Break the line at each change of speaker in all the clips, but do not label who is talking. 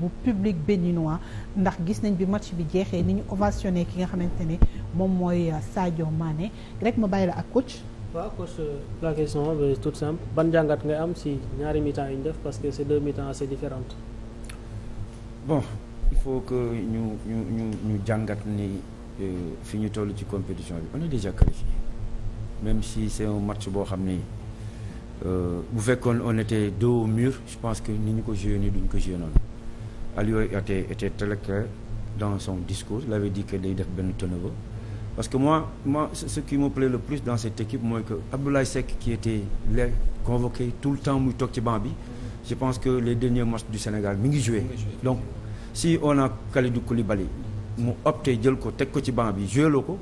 bu public béninois ndax gis nañ bi match bi jeexee ni ñu ovationné ki nga xamante ne moom mooy euh, Sadio Mané rek ma bàyyi la ak coach.
waaw coach euh, la question euh, est toute simple ban jàngat ngay am si ñaari mi-temps yi ñu def parce que c'est deux mi-temps assez différentes.
bon il faut que ñu ñu ñu ñu jàngat ni fi ñu toll ci compétition bi on est déjà qualifié même si c'est un match boo xam ni. bu fekkoon on était dos au mur je pense que ni ñu ko joué nii duñ ko joué noonu. Aliou était, était très clair dans son discours il avait dit que day def benn tonneau parce que moi moi ce qui me plaît le plus dans cette équipe mooy que Abdoulaye Seck qui était là convoqué tout le temps muy toog ci banc bi je pense que les derniers matchs du Sénégal mi ngi joué donc si on a Kalidou Koulibaly mu opté jël ko teg ko ci banc bi joué loo ko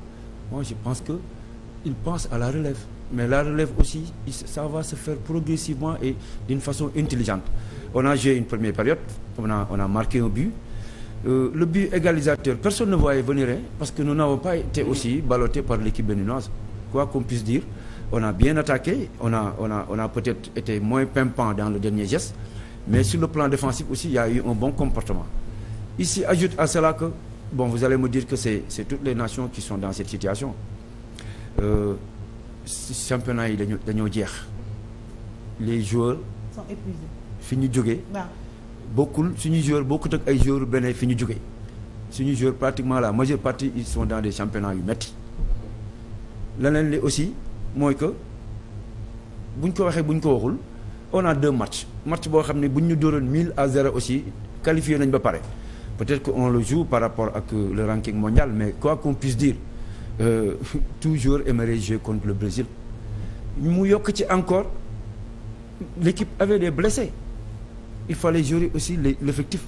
moi je pense que il pense à la relève mais la relève aussi ça va se faire progressivement et d'une façon intelligente on a joué une première période on a on a marqué un but euh, le but égalisateur personne ne voyait venir parce que nous n'avons pas été aussi ballottés par l'équipe béninoise quoi qu'on puisse dire on a bien attaqué on a peut-être été moins pimpant dans le dernier geste mais sur le plan défensif aussi il y a eu un bon comportement ici ajoute à cela que bon vous allez me dire que c'est les nations qui sont dans championnat yi dañoo dañoo jeex les joueurs. sont épuisés. fi ñu jógee. bokkul suñu joueur bokkut ak ay joueurs beneen fi ñu jógee suñu joueur pratiquement la majeure partie ils sont dans des championnats yu metti leneen li aussi mooy que buñ ko waxee buñ ko waxul on a deux matchs match boo xam ne buñ ñu dóoroon 1000 à 0 aussi qualifié nañ ba pare peut-être que on le joue par rapport ak le ranking mondial mais quoi on puisse dire. euh, toujours aimerait jouer contre le Brésil mu yokk ci encore l'équipe avait des blessés il fallait gérer aussi l'effectif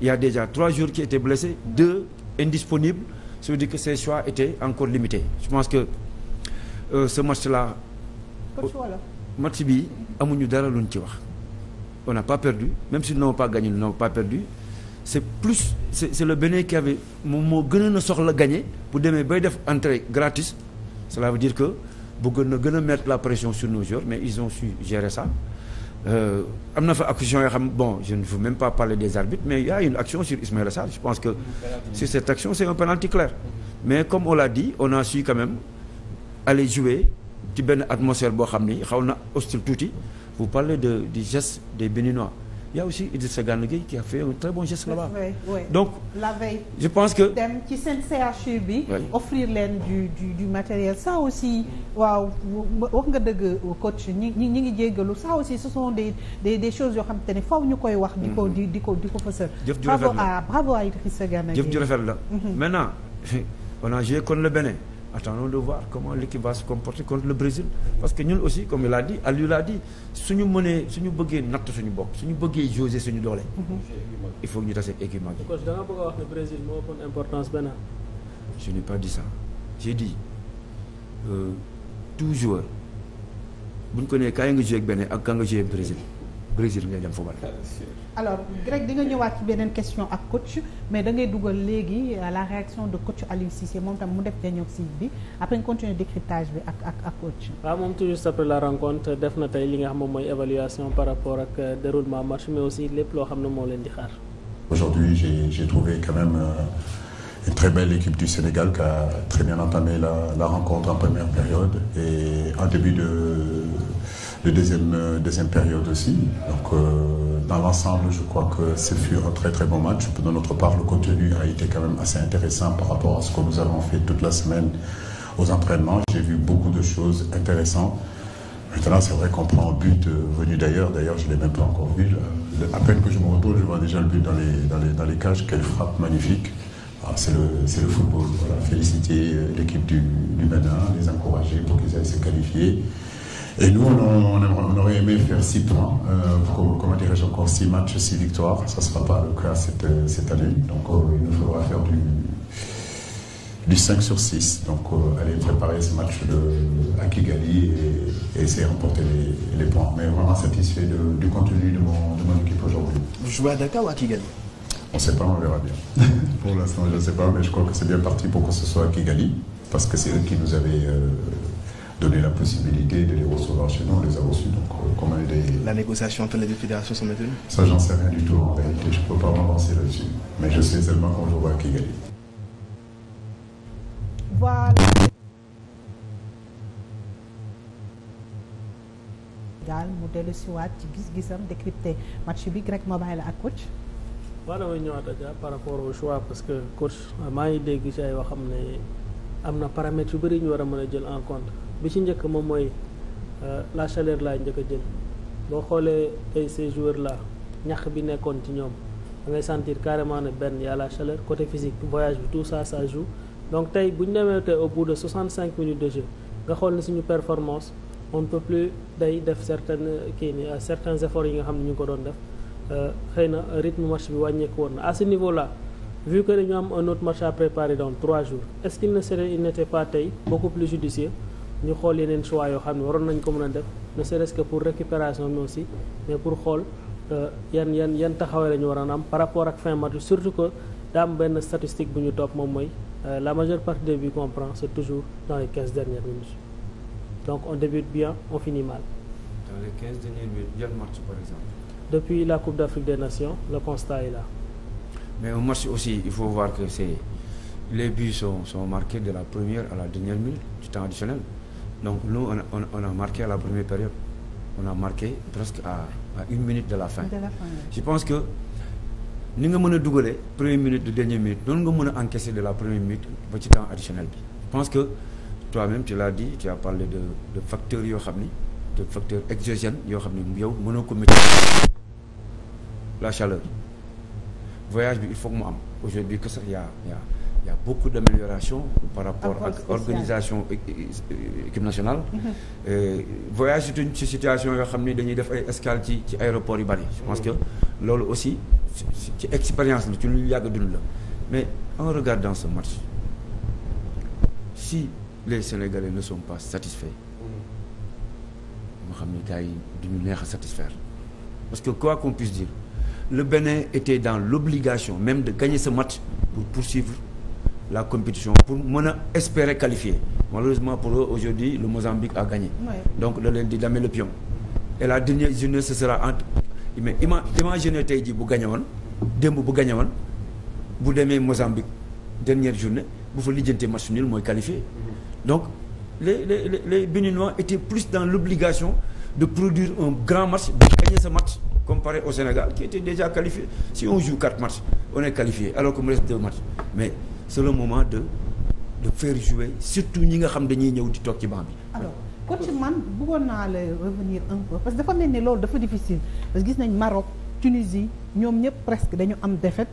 il y a déjà trois jours qui étaient blessés deux indisponibles ça veut dire que ces choix étaient encore limités je pense que euh, ce match-là match bi amuñu dara luñ ci wax on n'a pas perdu même si n'ont pas gagné ils n'ont pas perdu c'est plus c'est le Bénin qui avait moom moo gënoon na soxla gagné bu demee bay def entrée gratis cela veut dire que bëggoon na gën a mettre la pression sur nos joueurs mais ils ont su gérer ça euh, am na fa action yoo xam bon je ne veux même pas parler des arbitres mais il y a une action sur Ismaïla Sarr je pense que sur cette action c'est un penalty clair mais comme on l'a dit on a su quand même aller jouer ci benn atmosphère boo xam ni xaw na hostile tuuti vous parlez de du geste des Béninois ya a aussi Idrissa Gana Gueye qui a fait
la veille. je pense que dem ci seen CHU bi. offrir leen du du du matériel ça aussi. waaw wax nga dëgg coach ñi ñi ñi ngi jéggalu ça aussi ce sont des des des choses yoo xam te ne ñu koy wax. di ko mhm. di ko di ko fësal. jëf ju rafet la bravo à bravo
à la. Mhm. maintenant attendons de voir comment l'équipe va se comporter contre le Brésil parce que ñun aussi comme il a dit Aliou l'a dit suñu mënee suñu bëggee natt suñu bopp suñu bëggee jauger suñu doole. Mhm. il faut ñu tase équipe mag yi.
coach da nga bëgg a wax ne Brésil moo ëppoon
je n'ai pas dit euh, bu ñu ko nee kaay nga joué ak benn ak kaa nga joué Brésil Brésil ngay dem fubal.
alors Greg di nga ñëwaat ci beneen question ak coach mais da ngay dugal léegi la réaction de coach Aliou Cissé moom tam mu def diagnostic bi après nga continuer décryptage bi ak ak ak coach.
waaw moom tout juste après la rencontre def na tey li nga xam moom mooy évaluation par rapport ak euh, déroulement match mais aussi lépp loo xam ne moo leen di xaar.
aujourd'hui j'ai j'ai trouvé quand même euh, une très belle équipe du Sénégal qui a très bien entamé la rencontre dans l'ensemble, je crois que ce fut un très très bon match. De notre part, le contenu a été quand même assez intéressant par rapport à ce que nous avons fait toute la semaine aux entraînements. J'ai vu beaucoup de choses intéressantes. Maintenant, c'est vrai qu'on prend un but euh, venu d'ailleurs. D'ailleurs, je ne l'ai même pas encore vu. Euh, à peine que je me repose, je vois déjà le but dans les, dans les, dans les cages. Quelle frappe magnifique. Ah, c'est le, le, football. Voilà. Féliciter euh, l'équipe du, du Bénin, les encourager pour qu'ils aillent se qualifier. Et nous, on, on, on, aurait aimé faire six points, euh, comment dirais-je encore, six matchs, six victoires. Ça ne sera pas le cas cette, euh, cette année. Donc, euh, il nous faudra faire du, du 5 sur 6. Donc, euh, aller préparer ce match de, à Kigali et, et, essayer de remporter les, les, points. Mais vraiment satisfait de, du contenu de mon, de mon équipe aujourd'hui. Vous jouez à Dakar ou à Kigali On ne sait pas, on verra bien. Pour l'instant, je ne sais pas, mais je crois que c'est bien parti pour que ce soit à Kigali, parce que c'est eux qui nous avaient. Euh, donné la possibilité de les recevoir chez nous, on les a reçus. Donc, euh, comment des...
La négociation entre les deux fédérations se maintenue
Ça, j'en sais du tout Mais je sais seulement qu'on jouera à Kigali. Voilà.
mu dellu siwaat ci gis-gisam décrypté match bi Greg Mobile ak coach.
waaw damay ñëwaat Adja par rapport au choix parce que coach maa ngi dégg ci ay waxam ne am na paramètres yu bëri ñu war a mën a jël en compte. bi ci njëkk moom mooy euh, la chaleur laay njëkk a jël boo xoolee tey ces joueurs là ñax bi nekkoon ci ñoom da sentir carrément ne benn y la chaleur côté physique voyage bi tout ça ça joue donc tey bu demee tey au bout de cinq minutes de jeu nga xool ne suñu performance on plus day def certaines kii ni euh, certains efforts yi nga xam ne ñu ngi ko doon def euh, xëy na rythme match bi wàññeeku woon na à ce niveau là vu que dañu am un autre match à préparer dans trois jours est-ce qu'il ne tey beaucoup plus judicieux ñu xool yeneen choix yoo xam ne waroon nañ ko mën a def ne serait-ce que pour récupération mais aussi mais pour xool euh, yan yan yan taxawee la ñu waroon am par rapport ak fin match surtout que daa am benn statistique bu ñu topp moom mooy euh, la majeure partie des buts qu'on prend c'est toujours dans les 15 dernières minutes donc on débute bien on finit mal. dans
les 15 exemple.
depuis la Coupe d'Afrique des Nations le constat est là.
mais au match aussi il faut voir que c'est les buts sont sont marqués de la première à la dernière donc nous on a, on a marqué la première période on a marqué presque à, à une minute de la fin. de la pense que ni nga mën a dugalee première minute de dernière minute noonu nga mën a encaisser de la première minute ba ci temps additionnel bi. je pense que toi-même tu l'as dit tu as parlé de de facteurs yoo xam ni de facteur exogènes yoo xam ni yow mënoo ko maîtriser la chaleur voyage bi il faut mu am aujourd'hui que sax yaa yaa. y a beaucoup d'améliorations par rapport ak organisation équipe nationale mhm. euh, voyage situñ ci situation yoo xam ni dañuy def ay escale ci ci aéroport yu bari je pense que loolu aussi ci expérience la ci lu yàgg dund la mais en regardant ce match si les Sénégalais ne sont pas satisfaits moo xam ni gars yi duñu neex a satisfaire parce que quoi qu'on puisse dire le Bénin était dans l'obligation même de gagner ce match pour poursuivre la compétition pour mën a espérer qualifier malheureusement pour eux aujourd'hui le Mozambique a gagné donc da leen di damer le pion et la dernière journée ce sera entre mais ima tey jii bu gagné woon démb bu gagné woon bu demee Mozambique dernière journée bu fa lijjantee match nul mooy qualifié donc les les les les Béninois étaient plus dans l'obligation de produire un grand match de gagner ce match comparé au Sénégal qui était déjà qualifié si on joue quatre matchs c'est le moment de de faire jouer surtout ñi nga xam dañuy ñëw di toog ci banc bi.
alors coach man bugoon naa la revenir un peu parce que dafa mel ni loolu dafa difficile parce que gis nañ Maroc Tunisie ñoom ñëpp presque dañu am défaite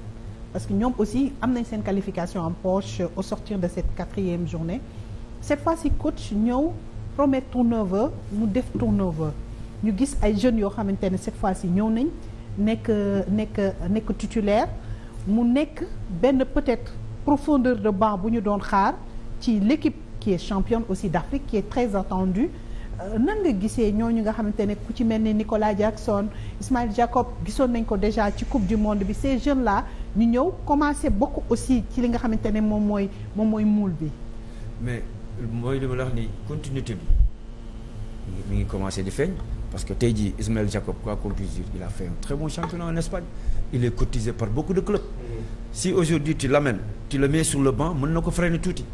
parce que ñoom aussi am nañ seen qualification en poche au sortir de cette quatrième journée cette fois-ci coach ñëw promet turnover mu def turnover ñu gis ay jeunes yoo xamante ne cette fois-ci ñëw nañ nekk nekk nekk titulaire mu nekk benn peut-être. profondeur de banc bu ñu doon xaar ci l'équipe qui est championne aussi d'Afrique qui est très attendue euh, nan nga gisee ñooñu nga xamante ne ku ci mel ni Nicolas Jackson Ismail Jacob gisoon nañ ko déjà ci coupe du monde bi ces jeunes la ñu ñëw commencé bokk aussi ci li nga xamante ne moom mooy moom mooy muul bi.
mais mooy li ma la ni continuité bi mi ngi commencé di feeñ parce que tey jii Ismail Jacob quoi qu'on puisse dire il a fait un très bon championnat en Espagne il est si aujourd'hui tu l'amènes tu le mets sur le banc mën na ko freiner tuuti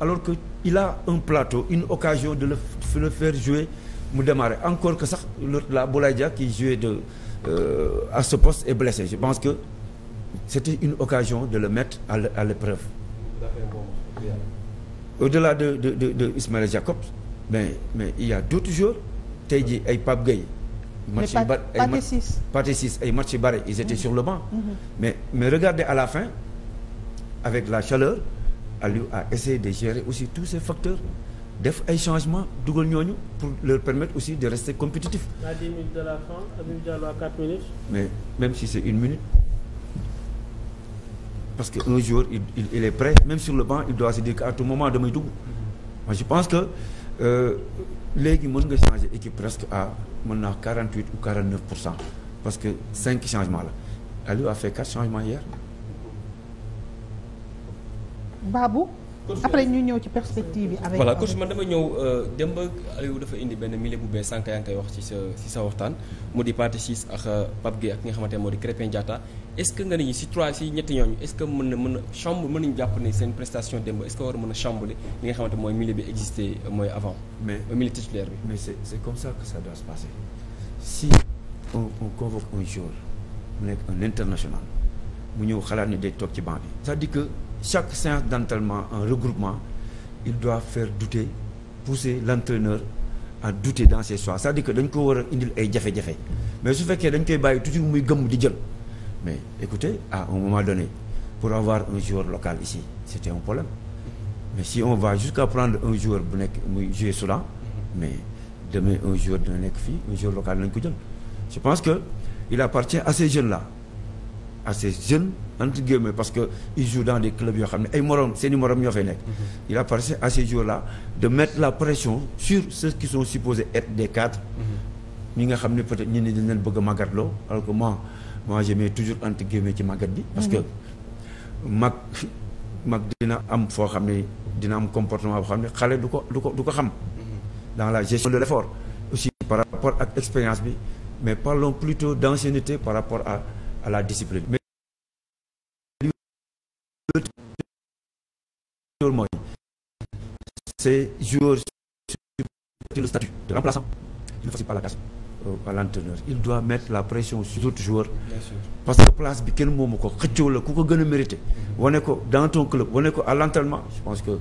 alors que il a un plateau une occasion de le, de le faire jouer mu démarrer encore que sax l'autre là Boulaye Dia qui jouait de euh, à ce poste est blessé je pense que c'était une occasion de le mettre à l'épreuve au-delà de de de, de mais mais il y a d'autres joueurs tey jii ay Pape Gueye match yu bari ay match partie eh, six ay match yu bari ils étaient mm-hmm. sur le banc mm-hmm. mais mais regardez à la fin avec la chaleur Aliou a essayé de gérer aussi tous ces facteurs def ay changements dugal ñooñu pour leur permettre aussi de rester compétitif.
à 10 minutes de la fin Habib Diallo
mais même si c'est une minute parce que un joueur il, il il est prêt même sur le banc il doit se dire qu'à tout moment damay dugg. moi je pense que. Euh, léegi mën nga changer équipe presque à mën naa 48 ou 49 pour cent parce que cinq changements la Aliou a fait changement changements hier.
Babou. après ñu ñëw ci perspective bi. avec voilà coach
man dama ñëw euh, dem ba Aliou dafa indi benn milieu bu bees sànq yaa ngi wax ci sa ci sa waxtaan mu di Pathé Ciss ak euh, Pape Gueye ak ki nga xamante ne moo di Krépin Diatta. est-ce que nga ne ñu si trois si ñetti ñooñu est-ce que mën na mën a chambre mën nañu jàpp ne seen prestation démb est-ce que war a mën a chambouler li nga xamante mooy milieu bi existé mooy avant. mais milieu titulaire bi. mais c'est comme ça que ça doit
si on on convoque un joueur international mu ñëw xalaat ni day toog ci banc bi. que chaque séance d'entraînement un regroupement il doit fair douter pousser l'entraîneur à douter dans ses choix cest di dire que dañ ko war a indil ay jafe-jafe mais su fekkee dañ koy bàyyi toujours muy gëmm di jël. mais écoutez à un moment donné pour avoir un joueur local ici c'était un problème mais si on va jusqu'à prendre un joueur bu nekk muy jouer Soudan mais demain un joueur dina nekk fii un joueur local nañ ko jël je pense que il appartient à ces jeunes là à ces jeunes entre guillemets parce que ils jouent dans des clubs yoo xam ne ay morom seeni morom ñoo fay nekk il appartient à ces joueurs là de mettre la pression sur ceux qui sont supposés être des cadres mhm. ñi nga xam ne peut-être dañ leen bëgg a màggatloo alors moi je mets toujours entre guillemets ci màggat bi parce que mhm. mag mag dina am foo xam ne dina am comportement boo xam ne xale du ko du ko du ko xam mhm. dans la gestion de l'effort aussi par rapport ak expérience bi mais parlons plutôt d'ancienneté par rapport à à la discipline mais mooy ces joueurs sur Euh, à l'entraîneur il doit mettre la pression sur d'autres joueurs parce que place bi kenn moomu ko xëccoo la ku ko gën a mérité mhm. wane ko dans ton club wane ko à l'entraînement je pense que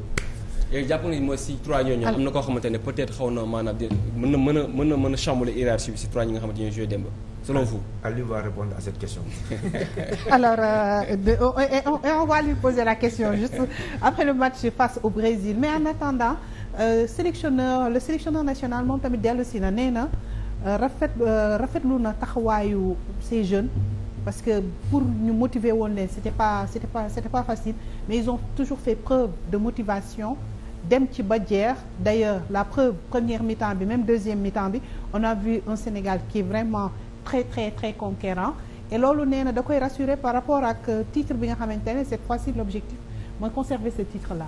léegi si trois ñooñu am na koo xamante ne peut-être xaw na maanaam di mën na mën a mën a mën a chambouler hiérarchie si trois ñi nga xamante ñooy joué démb selon vous Aliou répondre à cette question euh,
euh, après le match face au Brésil mais en attendant sélectionneur Euh, rafet euh, rafetlu na taxawaayu ces jeunes parce que pour ñu motiver woon leen c'était pas c'était pas c'était facile mais ils ont toujours fait preuve de motivation dem ci ba jeex d'ailleurs la preuve première mi bi même deuxième mi-temps bi on a vu un Sénégal qui est vraiment très très très conquérant et loolu nee na da koy rassurer par rapport ak euh, titre bi nga xamante ne cette fois-ci l'objectif mooy conserver ce titre là.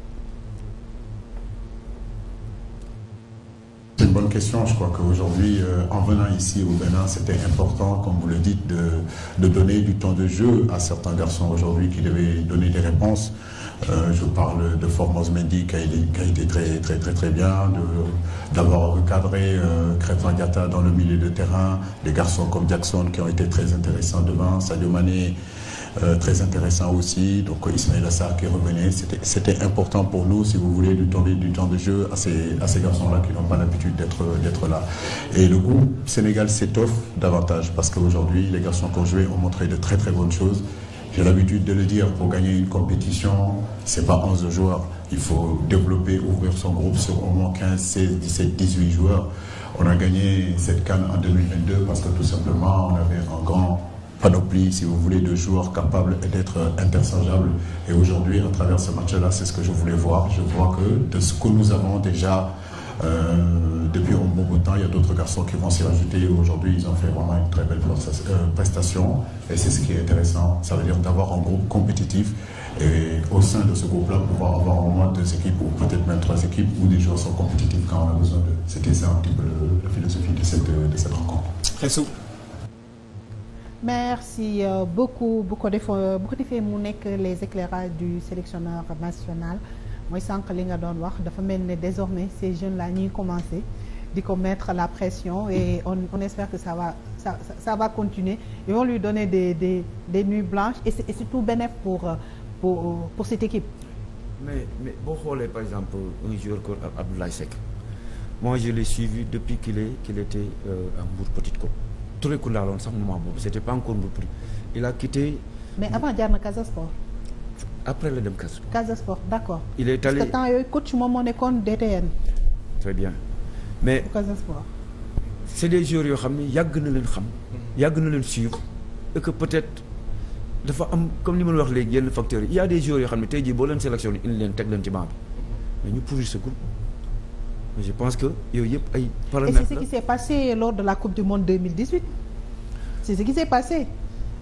une bonne question. Je crois qu'aujourd'hui, euh, en venant ici au Bénin, c'était important, comme vous le dites, de, de, donner du temps de jeu à certains garçons aujourd'hui qui devaient donner des réponses. Euh, je parle de Formos Mendy qui a, qui a, été très très très très bien, d'avoir recadré euh, Crétin Gata dans le milieu de terrain, des garçons comme Jackson qui ont été très intéressants devant, Sadio Mané Euh, très intéressant aussi. Donc euh, Ismaël Assar qui revenait, c'était important pour nous, si vous voulez, du temps, du temps de jeu à ces, garçons qui n'ont pas l'habitude d'être là. Et le groupe Sénégal s'étoffe davantage parce qu'aujourd'hui, les garçons qui ont ont montré de très bonnes choses. J'ai l'habitude de le dire, pour gagner une compétition, c'est pas 11 joueurs. Il faut développer, ouvrir son groupe sur au moins 15, 16, 17, 18 joueurs. On a que panoplie, si vous voulez, de joueurs capables d'être interchangeables. Et aujourd'hui, à travers ce match-là, c'est ce que je voulais voir. Je vois que de ce que nous avons déjà euh, depuis un bon bout de temps, il y a d'autres garçons qui vont s'y rajouter. Aujourd'hui, ils ont fait vraiment une très belle euh, prestation. Et c'est ce qui est intéressant. Ça veut dire d'avoir un groupe compétitif. Et au sein de ce groupe-là, pouvoir avoir au moins deux équipes ou peut-être même trois équipes où des joueurs sont compétitifs quand on a besoin d'eux. C'était ça un petit peu la philosophie de cette, de cette rencontre. Très
merci euh, beaucoup bu ko defee bu ko defee mu nekk les éclairages du sélectionneur national mooy sànq li nga doon wax dafa mel ne désormais ces jeunes là ñuy commencé di ko mettre la pression et on on espère que ça va ça ça va continuer ils vont lui donner des des des nuits blanches et c'est surtout bénéf pour pour pour cette équipe.
mais mais boo xoolee par exemple un joueur comme Abdoulaye Seck moi je l'ai suivi depuis qu'il est qu'il était euh, à Mbour Petite Côte. Touré-Kunda la woon sax moment boobu c'était pas encore repris il a quitté.
mais mm. avant jaar na Casa
après la dem Casa Sport.
Casa Sport d'accord.
il est allé parce que temps
yooyu coach moo nekkoon DTN.
très bien mais Casa Sport. c'est des joueurs yoo xam ni yàgg na leen xam. yàgg na leen suivre et que peut-être dafa am comme li ma wax léegi yenn facteurs yi il y a yoo xam ne tey jii boo leen sélectionné indi leen teg leen ci banc bi mais ñu pourrir ce groupe. je pense que yooyu yëpp ay paramètres et c'est ce qui
s'est de la coupe du monde 2018 c'est ce qui s'est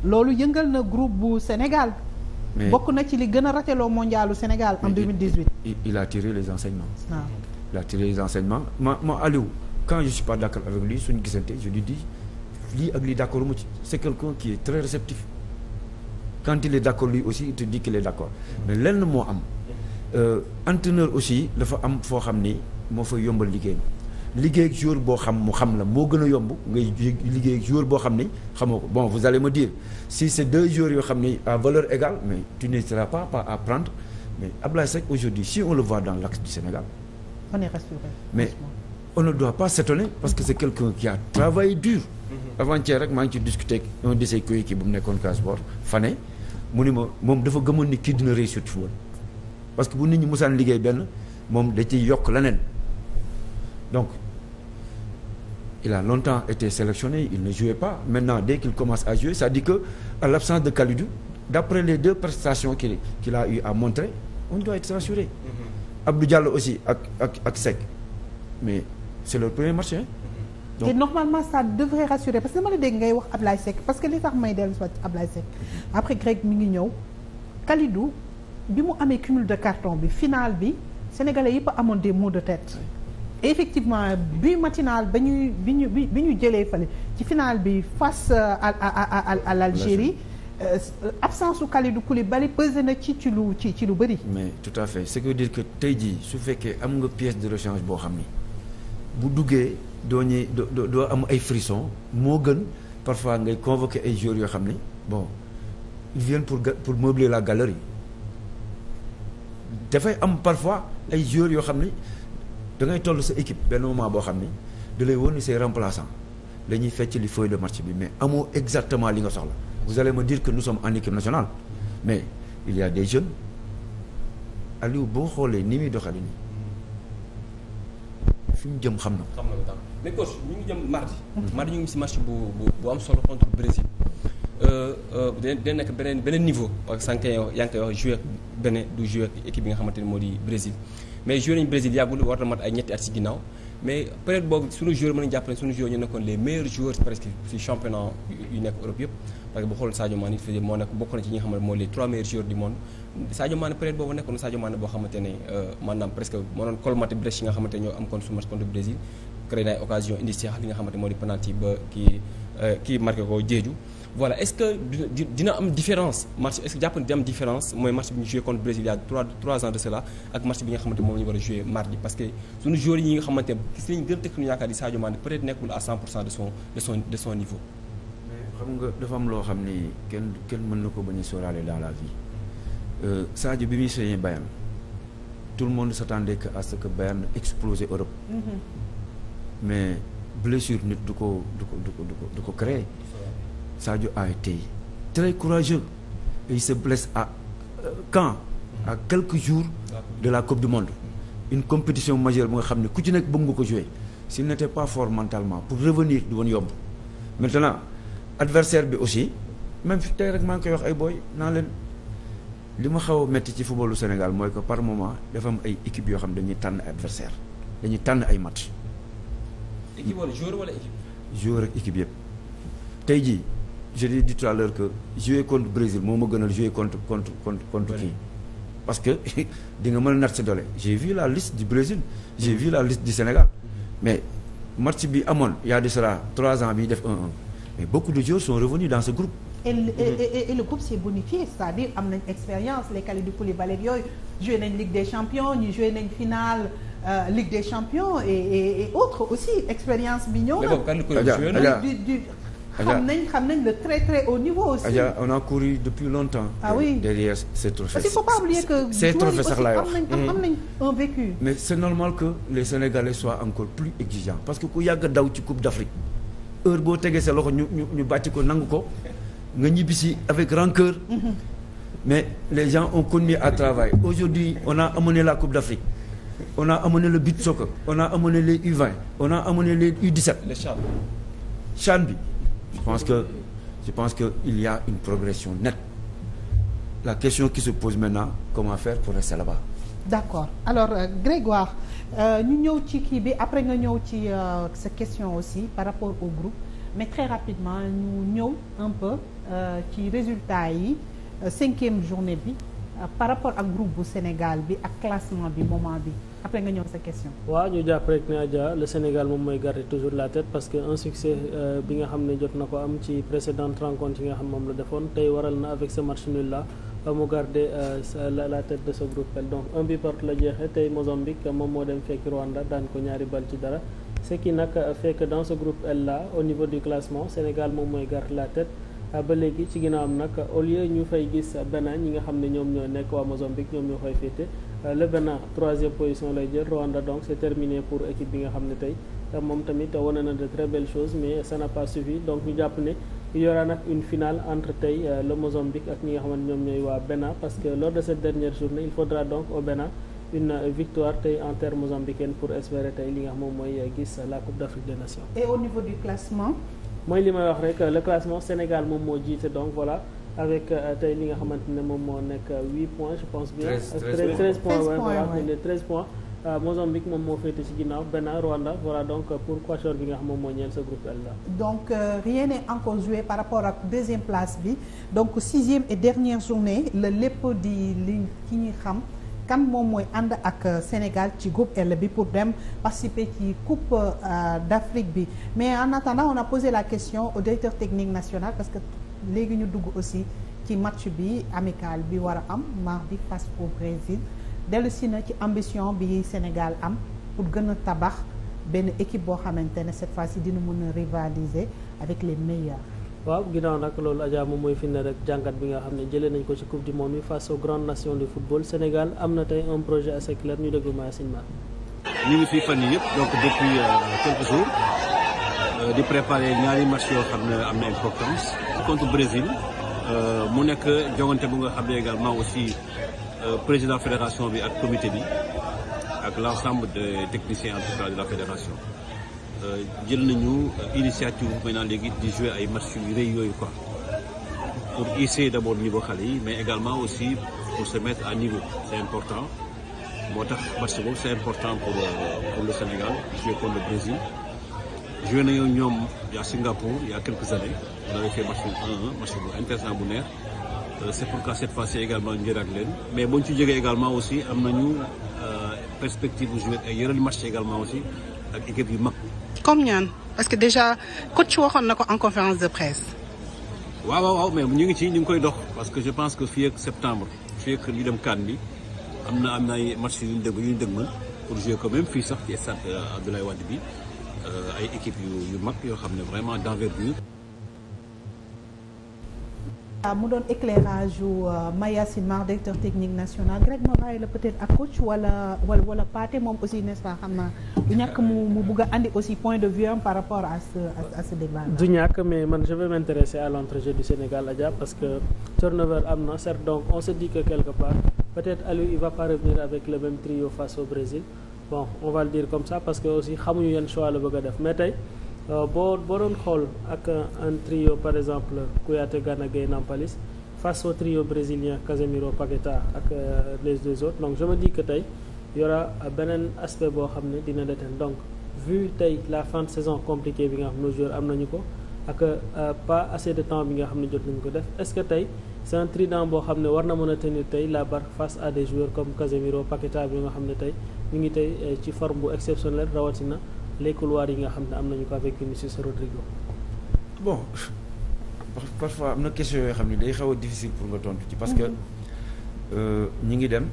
loolu yëngal na groupe bu Sénégal bokk na ci li gën a rateloo mondial Sénégal en 2018
il, il a tiré les enseignements ah. il a tiré les enseignements ma ma Aliou quand je suis pas d'accord avec lui suñu gisante je lui dis lii ak lii d'accord mu ci c'est quelqu'un qui est très réceptif quand il est d'accord lui aussi il te dit qu'il est d'accord mais lenn moo am euh, entraîneur aussi dafa am foo xam ni moo fay yombal liggéey liggéey ak jour boo xam mu xam la moo gën a yomb ngay liggéey ak jour boo xam ni xamoo ko bon vous allez me dire si c'est deux jours yoo xam ni à valeur égal mais tu n'hésiteras pas pas à prendre mais Ablaye Seck aujourd'hui si on le voit dans du Sénégal. on est rassuré. mais on ne doit pas s'étonner parce que c'est quelqu'un qui a travaillé dur.
Mm-hmm.
avant-hier rek maa ngi ci discuter un de ses coéquipiers bu mu nekkoon Casablanca Fane mu ni ma moom dafa gëmoon ni kii dina réussir woon parce que bu nit ñi musaan liggéey benn moom da ciy yokk leneen. donc il a longtemps été sélectionné il ne jouait pas maintenant dès qu'il commence à jouer ça dit que à l'absence de Kalidou d'après les deux prestations qu'il qu'il a eu à montrer
on doit être rassuré mm-hmm.
Abdou Diallo aussi ak ak ak mais c'est leur premier match hein? Mm-hmm.
donc te normalement ça devrait rassurer parce que dama la dégg ngay wax Ablaye que li tax may dellu si waat Ablaye Seck mm-hmm. après Greg mi ngi ñëw Kalidou bi mu amee cumul de carton bi finale bi sénégalais yëpp amoon des maux de tête. effectivement bi matinal ba ñu bi ñu bi ñu jëlee fale ci final bi face euh, à à à l'Algérie euh, absence su Kalidou Koulibaly pesé na ci ci lu ci ci lu bëri.
mais tout à fait ce qui dire que tey jii su fekkee am nga pièce de rechange boo xam ni bu duggee doo ñuy doo am ay frisson moo gën parfois ngay convoquer ay joueurs yoo xam ni bon ils viennent pour pour meubler la galerie dafay am parfois ay joueurs yoo xam ni. da ngay toll sa équipe benn moment boo xam ni da lay wóor ni say remplaçant la ñuy li feuille de match bi mais amoo exactement li nga soxla vous allez me dire que nous sommes en mais il des jeunes Aliou boo xoolee ni muy doxali mu jëm xam
na. jëm mardi. Mhm. mardi ñu ngi si match bu bu bu am solo contre Brésil. Euh, euh, dina nekk beneen beneen niveau parce que sànq yaa ngi koy beneen du joué ak équipe bi nga xamante ni moo di Brésil. mais joué nañu Brésil yàggul war na mat ay ñetti at si ginnaaw mais peut boobu suñu joueur mën nañu jàpp ne suñu joueur ñu nekkoon les meilleurs joueurs presque championnat yu nekk Europe yëpp parce que bu xool Sadio Mané fi moo nekk bokk na ci ñi nga xam ne trois meilleurs joueurs du monde Sadio Mané boobu nekkoon Sadio boo xamante ne euh, presque moo doon colmaté brèche nga xamante ñoo am kon su match contre Brésil créé na ay occasion Euh, kii marqué ko Diédhiou voilà est-ce que dina am différence match est-ce que jàpp dina am différence mooy match bi ñu joué contre Brésil il y a trois trois ans de cela ak match bi nga xamante moom la war a joué mardi parce que suñu joueurs yi nga xamante gis nañ gën a teg suñu yaakaar yi
niveau. xam nga dafa am loo xam ni kenn kenn mën na ko bañ a sóoraale dans la vie euh, Sadio bi muy signé Bayern tout le monde s'attendait que à ce que Bayern explose Europe.
Mm-hmm.
mais. blessure nit du ko du ko du ko du ko du ko créer Sadio a tey très courageux et il se blesse à euh, quand à de la coupe du monde une compétition majeure bu nga xam ne ku ci nekk bëgg nga ko jouer s'il n'était pas fort pour revenir du woon yomb maintenant adversaire bi aussi même fi tey rek maa ngi koy wax ay booy naa leen li ma xaw a métti ci footballu Sénégal mooy que par moment dafa am ay équipe yoo xam dañuy tànn adversaire dañuy tànn ay match
équipe wala joueur wala
équipe. yëpp tey jii je l'ai dit que jouer contre Brésil moo ma gënal jouer contre contre contre contre kii. parce que di nga mën a natt sa doole j'ai vu la liste du Brésil j'ai vu la liste du Sénégal mais match bi amoon y a de cela trois ans bi def 1-1 mais beaucoup de joueurs sont revenus dans ce groupe.
Mhm. et, et, et le groupe s'est bonifié c'est-à-dire am expérience les Kalidou Koulibaly yooyu joué Ligue des champions ñu joué nañ finale euh, Ligue des champions et et aussi expérience bi ñëw na xam nañ xam nañ le très très haut niveau aussi. Adja
on a couru depuis longtemps. ah oui derrière ces trophées. parce qu'il faut pas
oublier que. ces mhm. vécu.
mais c'est normal que les Sénégalais soient encore plus exigeants parce que ku yàgg daw ci Coupe d'Afrique heure boo tegee sa loxo ñu ñu ko nangu ko. nga ñibbisi avec rancœur. mais les gens ont continué à travailler aujourd'hui on a amené la Coupe d'Afrique on a amené le beach soccer on a amené les u on a amené les U17. les CHAN. CHAN bi je pense que je pense que il y a une progression nette la question qui se pose maintenant comment faire pour rester là-bas.
d'accord alors euh, Grégoire euh, ñu ñëw ci kii bi après nga ñëw ci euh, sa question aussi par rapport au groupe mais très rapidement ñu ñëw un peu. Euh, ci résultat yi euh, cinquième journée bi euh, par rapport ak groupe bu Sénégal bi ak classement bi moment bi après nga ñëw sa question.
waaw ñu jàpp rek ne Adja le Sénégal moom mooy garder toujours la tête parce que un succès bi nga xam ne jot na ko am ci précédente rencontre yi nga xam moom la defoon tey waral na avec ce match nul là mu garder la tête de ce groupe L donc un but partout la jeexee tey Mozambique moom moo dem fekk Rwanda daan ko ñaari bal ci dara nag fait dans ce groupe au niveau du classement Sénégal moom mooy garder la tête. ba léegi ci ginnaawam nag au lieu ñu fay gis Bénin ñi nga xam ne ñoom ñoo nekk waa Mozambique ñoom ñoo fay féete le Bénin troisième position lay jël Rwanda donc c'est terminé pour équipe bi nga xam ne tey moom tamit wane na de très belles choses mais ça n'a pas suffi donc ñu jàpp ne il y une finale entre tey le Mozambique ak ñi nga xam ñoom ñooy waa Bénin parce que lors de cette dernière journée il faudra donc au une victoire tey en terre li nga xam moom mooy gis la Coupe mooy li may wax rek le classement Sénégal moom moo jiite donc voilà avec euh, tey li nga xamante ne moom moo nekk euh, huit points je pense bien. treize treize points voilà moom moo féete ci ginnaaw benn Rwanda voilà donc euh, pour quatuor bi nga xam moom moo ñeel sa groupe L la.
donc rien n'est encore joué par rapport ak deuxième place bi donc sixième et dernière journée la lépp di li ki ñuy xam. kan moom mooy ànd ak euh, Sénégal ci groupe L bi pour dem participer ci coupe euh, d'Afrique bi mais en naa on a posé la question au directeur technique national parce que léegi ñu dugg aussi ci match bi amical bi war a am bi face au Brésil dellu si na ci ambition bi Sénégal am pour gën a tabax benn équipe boo xamante ne cette fois yi dina mën a rivaliser avec les meilleurs
waaw ginnaaw nag loolu Adja moom mooy fi rek jàngat bi nga xam ne jëlee nañ ko ci coupe du monde bi face aux grandes nations du football Sénégal am na tey un projet assez clair ñu déglu Mayacine Mar.
ñu ngi fi fan yii yëpp donc depuis euh, quelques jours euh, di préparer ñaari match yoo xam ne am na importance contre Brésil euh, mu nekk jongante bu nga xam ne également aussi président fédération bi ak comité bi ak l' ensemble des techniciens en de la fédération. Euh, jël nañu initiative maintenant léegi di jouer ay match yu rëy yooyu quoi pour hisser d' abord niveau xale yi mais également aussi pour se mettre à niveau c' est important moo tax match boobu c' est important pour euh, pour le Sénégal jouer contre le Brésil joué nañoo ñoom yaa Singapour il y a quelques années on avait bu 1-1 match bu intéressant bu neex euh, c' est leen mais boo ci jegee également aussi am nañu perspective bu jouer ay yeneen match également aussi ak équipe yu mag.
comme ñaan parce que déjà coach waxoon na ko en conférence de presse.
waaw waaw waaw mais ñu ngi ci ñu ngi koy dox parce que je pense que fii ak septembre fii ak ñu dem kan bi am na am na ay match yu ñu dëgg yu ñu dëgg man pour jouer quand même fii sax ci stade euh, Abdoulaye Wade bi euh, ay équipe yu yu mag yoo xam ne vraiment d'envergure
waaw ah, mu doon éclairage yu euh, Maya Silmar directeur technique national Greg ma bàyyi la peut-être ak coach wala wala wala Pathé moom aussi n'est-ce pas xam naa du ñàkk mu mu bugg aussi point de vue par rapport à ce débat du
ñàkk mais man je vais m'intéresser à l'entrejeu du Sénégal Adja parce que turnover am na certes donc on se dit que quelque part peut-être Aliou il va pas revenir avec le même trio face au Brésil bon on va le dire comme ça parce que aussi xamuñu yan choix la bëgg a def mais tey. Euh, boo boo doon xool ak euh, un trio par exemple Kouyaté Gana Gueye Nampalys face au trio brésilien Casemiro Paqueta ak euh, les deux autres donc je me tey y beneen aspect boo xam ne dina déten donc vu tey la fin de saison compliquée bi nga xam ne joueurs am nañu ko ak pas assez temps bi nga xam ne jot nañu ko def est-ce que tey c'est un trident boo xam ne war na mën a tenir tey la barre face à des joueurs comme Casemiro Paqueta bi nga xam ne tey ñu ngi tey ci forme bu exceptionnelle rawatina les couloirs yi nga xam ne am nañu ko avec monsieur Rodrigo.
bon parfois am na question yoo xam ne day xaw a difficile pour nga tontu ci parce que mhm. euh, ñi ngi dem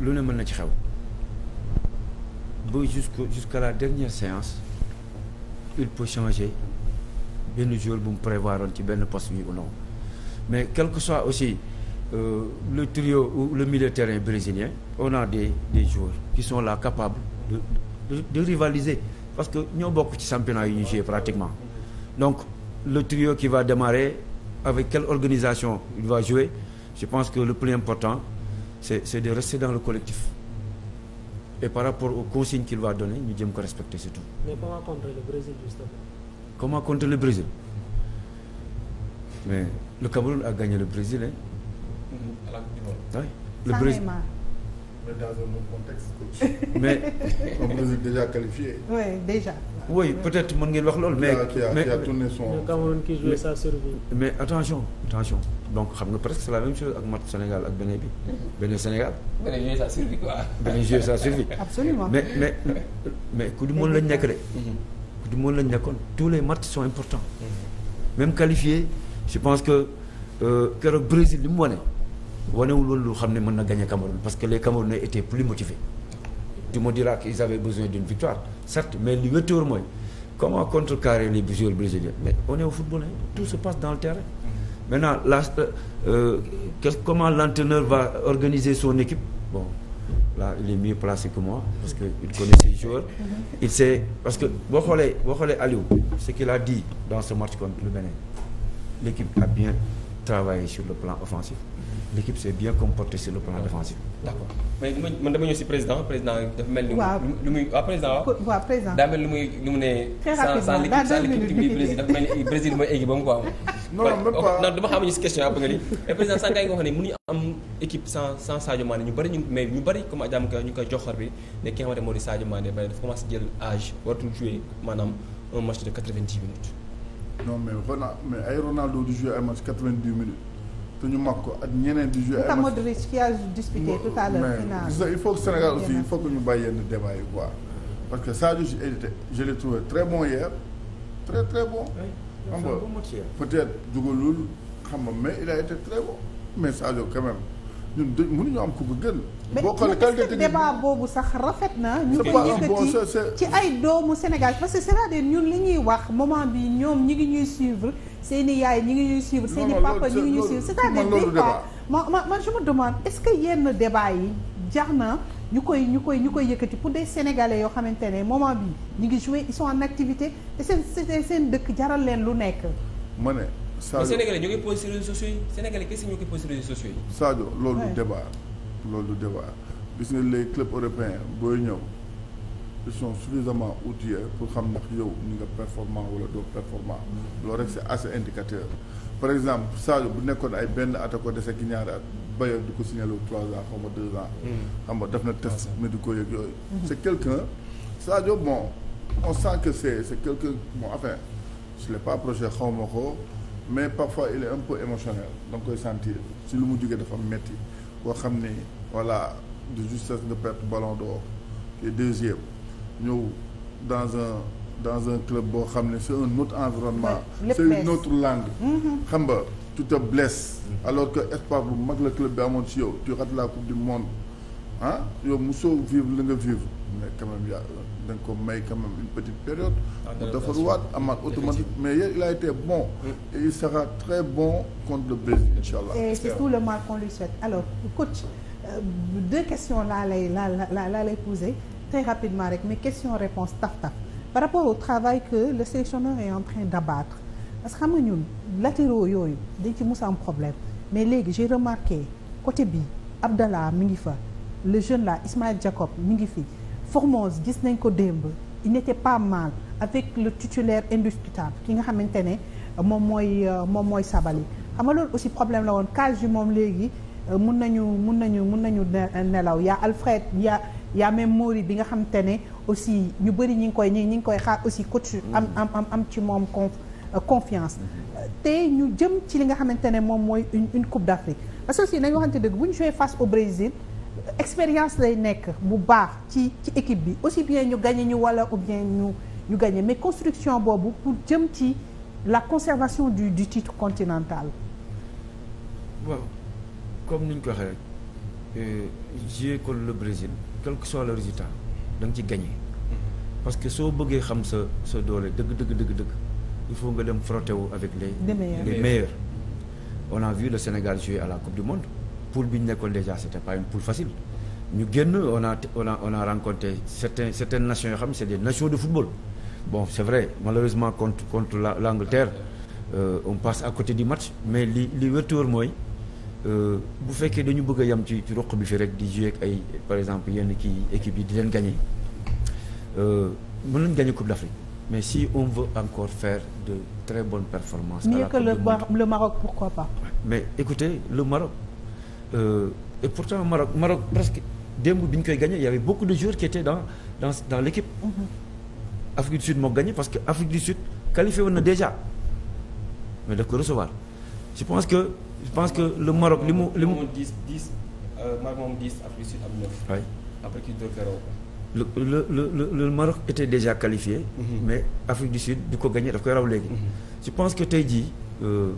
lu ne mën na ci xew ba jusqu'au jusqu'à la dernière séance il peut changer benn jour bu mu prévoir ci benn poste bi ou non mais quel soit aussi euh, le trio ou le milieu de terrain brésilien on a des des joueurs qui sont là capables de rivaliser parce que ñoo bokk ci championnat yu ñu joué pratiquement donc le trio qui va démarrer avec quelle organisation il va jouer je pense que le plus important c'est c'est de rester dans le collectif et par rapport aux consignes qu'il va donner ñu jëm ko respecter surtout.
mais comment contrer le Brésil justement?
comment contrer le mais le Cameroun a gagné le Brésil
hein.
Mm-hmm. le Brésil.
mais dans un autre contexte coach. mais comme vous êtes déjà qualifié. oui déjà. oui peut-être
mën ngeen wax loolu. mais a, mais qui mais attention attention donc xam nga presque c'est la même chose ak match Sénégal ak Bénin bi. Bénin Sénégal.
Bénin joué sa survie quoi. Bénin sa survie. mais mais
mais ku du mën lañ nekk de. Mm-hmm. du monde lañ nekkoon tous les matchs sont importants
mm-hmm.
même qualifiés je pense que euh, keroog Brésil li mu wane wanewul woon lu xam ne mën na gagner Cameroun parce que les Camerounais étaient plus motivés tu me diras qu'ils avaient besoin d'une victoire certes mais li wéttuwar mooy comment contrecarrer les joueurs brésiliens mais on football tout se passe dans le terrain maintenant la euh, comment l'entraîneur va organiser son équipe bon là il est mieux placé que moi parce que il connaît ses il sait parce que boo xoolee boo xoolee Aliou ce qu'il a dit dans ce a bien travaillé sur le plan offensif l'équipe s'est bien comportée sur le plan défensif.
d'accord
mais man dama ñëw si président président dafa mel ni. lu muy Brésil dafa mooy équipe ba mu ko am. non non dama xam ne si question après nga lii. président sànq nga wax ne mënuñu am équipe sans sans Sadio Mané ñu bari ñu mais ñu bari comme Adama ñu koy joxor bi ne ki xamante moo di Sadio Mané ba dafa commencé jël âge waratul jouer maanaam un match de quatre-vingt-dix minutes.
te ñu mag ko ak ñeneen di joué. ay match
Modric qui a disputé tout à l'heure final il faut que Sénégal aussi il faut
que ñu bàyyi yenn débat yi quoi parce que Sadio je l'ai trouvé très bon hier très très bon. xam nga peut-être dugalul xam nga mais il a été très bon mais Sadio quand même. ñun de mënuñu am ku ko gën. boo xoolee qualité
débat boobu sax rafet na. ñu ko yëkkati ci ay doomu Sénégal parce que c'est-à-dire ñun li ñuy wax moment bi ñoom ñi ngi ñuy suivre seeni yaay ñi ngi ñuy suivre. seeni papa ñi ngi ñuy suivre c'est-à-dire des fois ma ma man je me demande est-ce que yenn débat yi jar na ñu koy ñu koy ñu koy yëkkati pour des sénégalais yoo xamante ne moment bi ñu ngi jouer ils sont en activité te seen seen dëkk jaral leen lu nekk.
ma ne. Sadio ñu
ngi posé sur réseaux sociaux yi Sénégalais loolu
du loolu du débat gis nga les clubs européens booy ñëw ils sont suffisamment outillés pour xam ndax yow ni nga performant wala doo performant loolu rek c'est assez indicateur par exemple Sadio bu nekkoon ay benn at a ko dese ki ñaari at Bayer di ko signaler trois ans xaw deux ans. Hmm. xam nga def na test médicaux yeeg yooyu. Hmm. c'est quelqu'un Sadio bon on sent que c'est c'est quelqu'un bon enfin je l'ai pas approché ko. mais parfois il est un peu émotionnel da koy sentir si lu mu jugee dafa metti koo xam ne voilà de justesse de perte ballon d'or qui est deuxième ñëw dans un dans un club boo xam ne c'est un autre environnement c'est une autre langue mm-hmm. xam nga tu te blesses alors que espoir bu mag la club bi amoon si yow tu rates la coupe du monde ah yow mosoo vivre li nga vivre mais quand une petite période ah, mu defaruwaat amaat automatique mais yéen été bon mm. et il sera très bon contre le Brésil incha allah et c'est tout
le mal qu'on lui souhaite alors coach euh, deux questions laa la laa la laa lay poser très rapidement rek mais question réponse taf taf par rapport au travail que le sélectionneur est en train d'abattre parce que xam nga ñun latéraux yooyu dañ ci mos am problème mais léegi j'ai remarqué côté bi Abdallah mi ngi fa le jeune la Ismaël Jacob mi ngi fi Formose gis nañ ko démb il n'était pas mal avec le titulaire indiscutable ki nga xamante ne euh, moom mooy euh, moom mooy Sabali xam aussi problème la woon cage yi moom léegi euh, mun nañu mun nañu mun nañu nelaw yaa Alfred yaa yaa même Mori bi nga xamante ne aussi ñu bëri ñi ngi koy ñi ngi koy xaar aussi coach am am am am ci moom conf confiance te ñu jëm ci li nga xamante ne moom mooy une une coupe d'Afrique parce que aussi nañu waxante dëgg bu ñu face expérience lay nekk bu baax ci ci équipe bi aussi bien ñu gagné ñu wala ou bien ñu ñu gagné mais construction boobu pour jëm ci la conservation du du titre continental.
waaw comme ni ko waxee rek euh, jouer contre le Brésil quel que soit le résultat da nga ci gagné. Mm-hmm. parce que soo bëggee xam sa sa doole dëgg dëgg dëgg il faut nga dem frotter wu avec les. les meilleurs les on a vu le Sénégal jouer à la Coupe du Monde. poule bi ñu nekkoon déjà c'était pas une poule facile ñu génn on a on a on a rencontré certains certaines nations yoo xam ne c'est des nations de football bon c'est vrai malheureusement contre la l'Angleterre euh, on passe à côté du match mais li li wërtuwër mooy euh, bu fekkee dañu bëgg a yem ci ci roq bi fi rek di jouer ay par exemple yenn kii équipe yi di leen gagner euh, mën nañ gagner Coupe d'Afrique mais si on veut encore faire de très bonnes performances. mieux que le,
le Maroc pourquoi
mais écoutez le Euh, et pourtant Maroc Maroc presque démb bi ñu koy gagné y avait beaucoup de joueurs qui étaient dans dans dans mm-hmm. Afrique du Sud moo gagné parce que Afrique du Sud qualifié woon na déjà mais daf ko recevoir je que je pense que le Maroc li mu li mu. dix
dix euh, Maroc moom dix Afrique du Sud
am neuf. déjà qualifié. Mm-hmm. mais Afrique du Sud du ko gagné daf koy raw léegi. Mm-hmm. je pense que tey jii euh,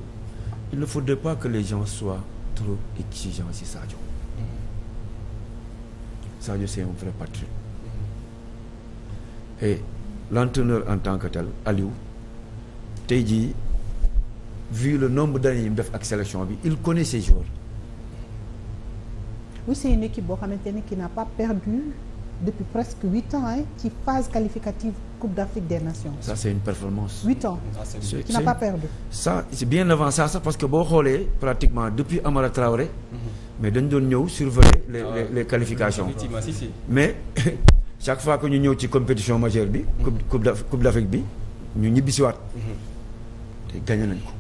il ne faudrait pas que les gens soient. trop exigeant ci Sadio. Sadio c'est un vrai patriote. Mm-hmm. et l'entraîneur en tant que tel Aliou tey jii vu le nombre d'années yi mu def ak sélection bi il connaît ses joueurs.
oui une équipe boo xamante ne qui n'a pas perdu. depuis presque huit ans hein, ci phase qualificative Coupe d'Afrique des Nations. ça performance. huit ans
ah, c'est qui n'a pas perdu. ça c'est bien avant ça sax parce que boo xoolee pratiquement depuis Amara Traoré. Mhm. mais dañu doon ñëw surveiller les les les qualifications. mais chaque fois que ñu ñëw ci compétition majeure bi. Mhm. coupe coupe d' coupe d' Afrique bi ñu ñibbisiwaat. Mhm. te gagné nañ ko.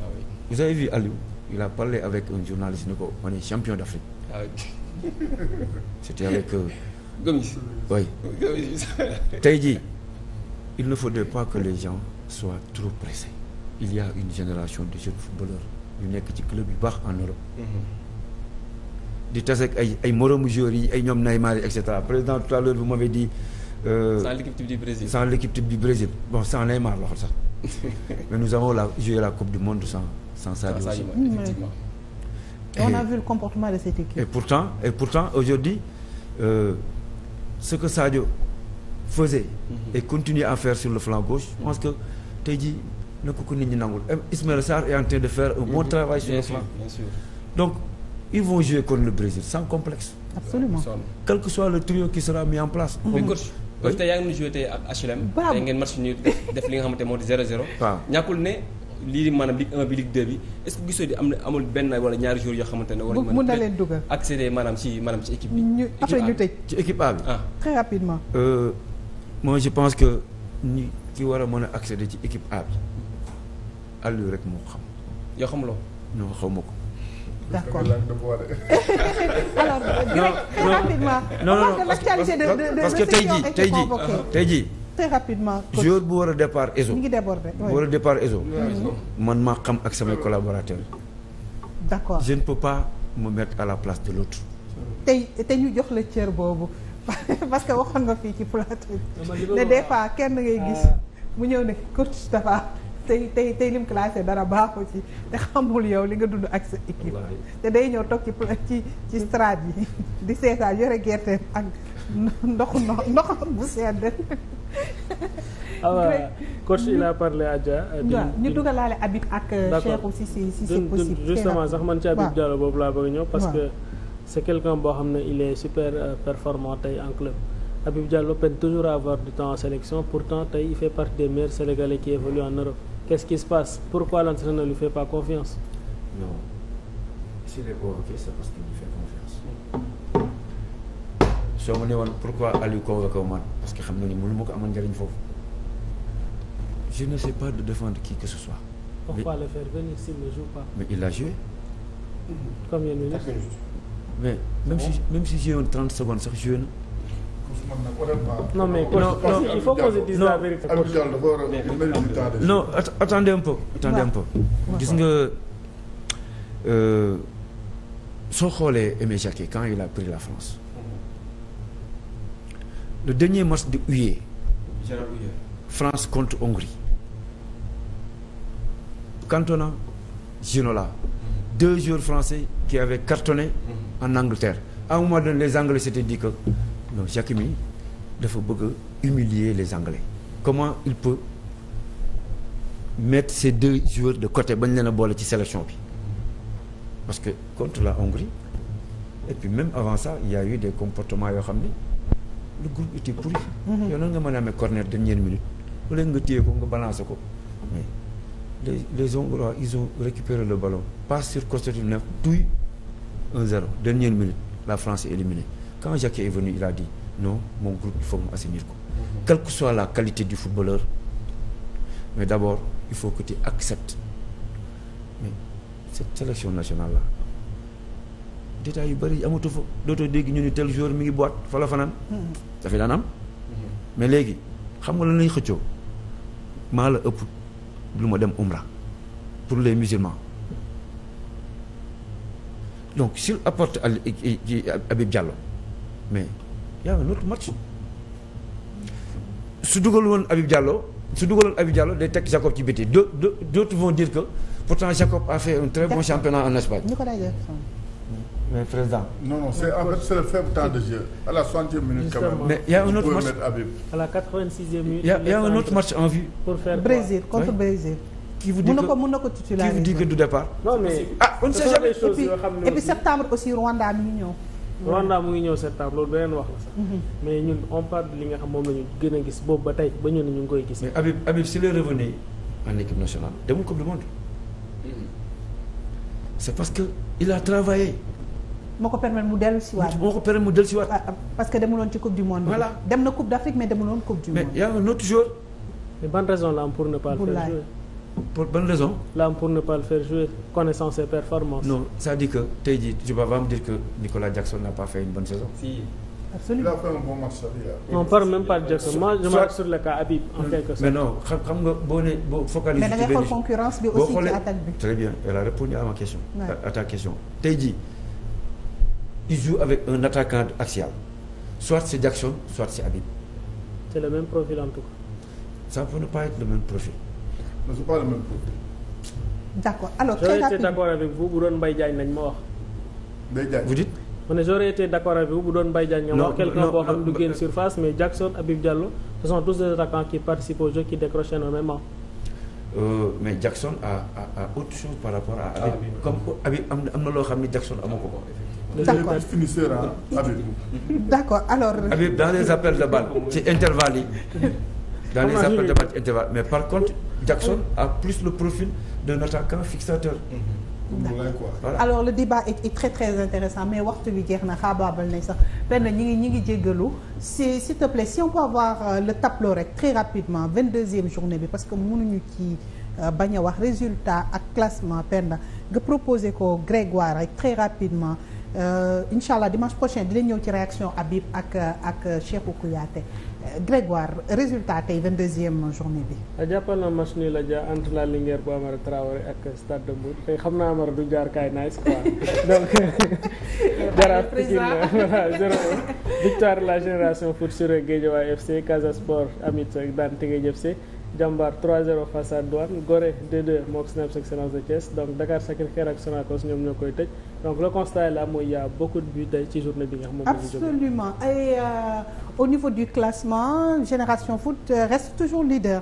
Ah vous avez vu Aliou il a parlé avec un journaliste ni ko on est champion d' Afrique.
Ah c'était avec. Euh,
Gomis. oui
tey
jii il ne faudrait pas que les gens soient trop pressés. il y a une génération de jeunes footballeurs yu nekk ci club yu baax en Europe. Mhm. di taseeg ay ay moromu joueurs yi ay ñoom Neymar et cetera président tout à l'heure vous m'avez dit. Euh, sans l'équipe type du Brésil. sans l'équipe type du Brésil la sax mais nous avons la
Et, a vu le comportement de cette équipe.
pourtant et pourtant aujourd'hui euh, ce que Sadio faisait mhm. et continue à faire sur le flanc gauche je mhm. que tey jii na ko ko nit ñi nangul Ismaël Sarr est en train de faire un bon mhm. travail sur le flanc donc ils vont jouer contre le Brésil sans complexe absolument quel que soit le trio qui sera mis en place
tey yaa ngi nu joué tey ak HLM tey ngeen match ñu def li nga xamante moo di 0-0 ñàkkul ne lii maanaam Ligue 1 bi Ligue 2 bi est-ce que gisoo di am na amul benn wala ñaari jours yoo xamante ne. war nañu mën a leen
dugal
accéder maanaam ci maanaam ci équipe
bi.
ñu ñu tëj
ci équipe A bi. Ah. très rapidement. Euh, je pense que ni ki war a mën a accéder ci équipe A bi Aliou rek moo xam. yoo xamuloo. non xaw
parce que tey ji tey ji tey ji te rapidement.
jour bu war a départ ESO. mi ngi
débordé bu war a
départ ESO. Mhm. man maa xam ak samay collaborateurs. d'accord je ne peux pas me mettre à la place de l'autre
tey te ñu jox la cër boobu parce que waxoon nga fii ci plateau bi. ne des fois kenn ngay gis ah. mu ñëw ne coach dafa tey tey tey lim classé dara baaxu ci te xamul yow li nga dund ak sa équipe. te day ñëw toog ci ci ci strade yi di seetaan yore gerte ak ndox ndoxam bu sedd. awa ah coach il a
parlé Adja. waaw euh, ñu
euh, justement sax man ci Habib Diallo
boobu laa bëgg ñëw. parce que c' est boo xam ne il est super euh, performant tey en club. Habib Diallo peine toujours à avoir du temps en sélection pourtant tey il fait partie des meilleurs sénégalais qui évoluent en Europe qu' ce qui se passe pourquoi l' entraîneur fait pas confiance.
soo ma ne woon pourquoi Aliou convoqué wu man parce que xam nga ni mënu ma ko amal njëriñ foofu je ne sais pas de défendre qui que ce soit.
pourquoi mais, mais il a joué.
mais même si même si joué woon trente secondes sax joué na.
non mais non, non, il faut qu'on se la vérité.
non
attendez gis nga euh, soo xoolee Aimé Jacquet quand il a pris la France. le dernier match de UE France contre Hongrie Cantona Ginola mm-hmm. deux joueurs français qui avaient cartonné mm-hmm. en Angleterre à un moment donné les Anglais s'étaient dit que non Hakimi dafa bëgg a humilier les Anglais comment il peut mettre ces deux joueurs de côté bañ leen a boole ci sélection bi parce que contre la Hongrie et puis même avant ça il eu des comportements yoo xam ni le groupe était pourri. yow nan nga mën a amee corner dernière minute au lieu nga téye ko nga balancé ko mais les les Hongrois ils ont récupéré le ballon passe sur Kostotinov douille 1-0 dernière minute la France est éliminée quand Jacquet est venu il a dit non mon groupe il faut mu assainir ko. quelle soit la qualité du footballeur mais d'abord il faut que tu acceptes mais cette sélection nationale là. détails yu bëri amatu fa dootoo dégg ñu ni tel jour mi ngi boîte fa la fanaan hmm. dafay daan am hmm. mais léegi xam nga lan lañ xëccoo maa la ëpp lu ma dem umra pour les musulmans donc s'il apporte al ci Habib mais y a un autre match su dugal woon Habib Diallo su dugaloon Habib Diallo day teg Jacob ci biti d'autres vont dire que pourtant Jacob a fait un très bon championnat en Espagne mais président.
non non c'est en fait c'est le faible temps de a un autre match
à la quatre a un autre match en vue. pour contre Brésil. qui vous dit que na ko mën na ko titulariser qui du départ. ah septembre aussi Rwanda mi ngi ñëw. Rwanda mu ngi septembre loolu beneen wax la sax. Mhm. mais ñun on li nga xam moom la ñu gën a gis boobu ba tey ba ñu ne ñu ngi koy gis. Habib
Habib si les revenus en équipe nationale demul coupe du mhm. parce que
il a travaillé. moo ko permettre mu dellu si waat moo ko permettre mu si waat ah, ah, parce que demuloon ci coupe du monde dem na coupe d'Afrique mais demuloon coupe
du monde mais y a un autre joueur mais ban raison la am pour ne pas le faire jouer pour bonne raison la am pour ne pas le faire jouer connaissant ses performances non
c'est-à-dire que tey jii tu vas me dire que Nicolas Jackson n'a pas fait une bonne saison
si absolument il a pa un Jackson
moi je marque sur le cas Habib en quelque sorte mais non xam nga boo boo focaliser
mais da ngay xool
concurrence bi aussi ci
attaque bi il joue avec un attaquant axial soit c'est Jackson soit c'est Habib.
c'est le même profil en tout cas.
ça peut ne pas être le profil.
mais c'est pas le même avec vous bu doon Mbaye Diagne lañ moo wax. Mbaye Diagne vous dites. ma ne j'aurais été d'accord avec vous bu doon Mbaye Diagne. non non quelqu'un boo xam ne du génn surface mais Jackson Habib Diallo ce sont tous des attaquants qui participent au jeu qui décrochent
euh, mais Jackson a a a autre chose par rapport à. Habib ah comme Habib am na am na loo xam ne Jackson amu ko.
d'accord finisseur
avec vous.
d'accord alors.
Euh, dans les
appels de balle ci intervalle yi. dans les appels de balle ci intervalle mais par contre Jackson a plus le profil d'un attaquant fixateur. Voilà. alors
le débat est, est très très intéressant mais waxtu bi jeex na xaabaabal nañ sax benn ñi ngi ñi ngi jéggalu si s'il te plaît si on peut avoir euh, le tableau rek très rapidement vingt deuxième journée bi parce que ñu ci euh, bañ a wax résultat ak classement penda nga proposé ko Grégoire rek très rapidement Euh, incha allah dimanche prochain di leen ñëw ci réaction Habib ak ak Cheikhou Kouyaté euh, Grégoire résultat tey vingt deuxième journée bi.
Ah, jàppal na match nul la ja entre la Linguère bu Amara Traoré ak Stade de tey xam naa Amara du jaar kaay nice quoi donc. jaraaf Pikine la zéro victoire la génération foot sur Guédiawaye FC Casa Sport amit daan Teungueth FC. Jambar Snaps Excellence de Thiès donc Dakar Sacré-Cœur ak Sonacos ñoom ñoo koy tëj. donc le constat la mooy y' a beaucoup de buts tey euh, ci journée bi nga xam moom absolument
ay euh, au niveau du classement Génération Foot euh, reste toujours leader.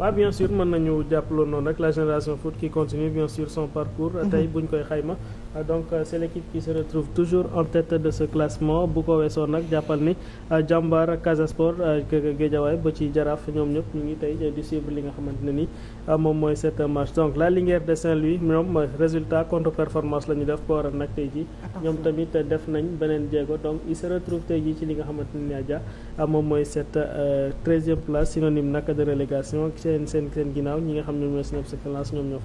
waaw bien sûr mën nañu jàpp jàppaloon noonu rek la Génération Foot ki continue bien sûr son parcours. Mm-hmm. tey bu ñu koy xayma. Euh, donc euh, c'est l'équipe qui se retrouve toujours en tête de ce classement bu ko weesoo nag jàppal ni euh, jàmbaar Casa Sport Guédiawaye ba ci jaraaf ñoom ñëpp ñu ngi tey di suivre li nga xamante ne ni moom mooy cette match donc la Linguère de Saint-Louis ñoom résultat contre performance la ñu def ko waral nag tey ji ñoom tamit def nañ beneen jéego donc il se retrouve tey jii ci li nga xamant ne ni aja moom mooy cette treizième place synonyme nag de relégation seen seen seen ginnaaw ñi nga xam ñoom ñooy Snaps ñoom ñoo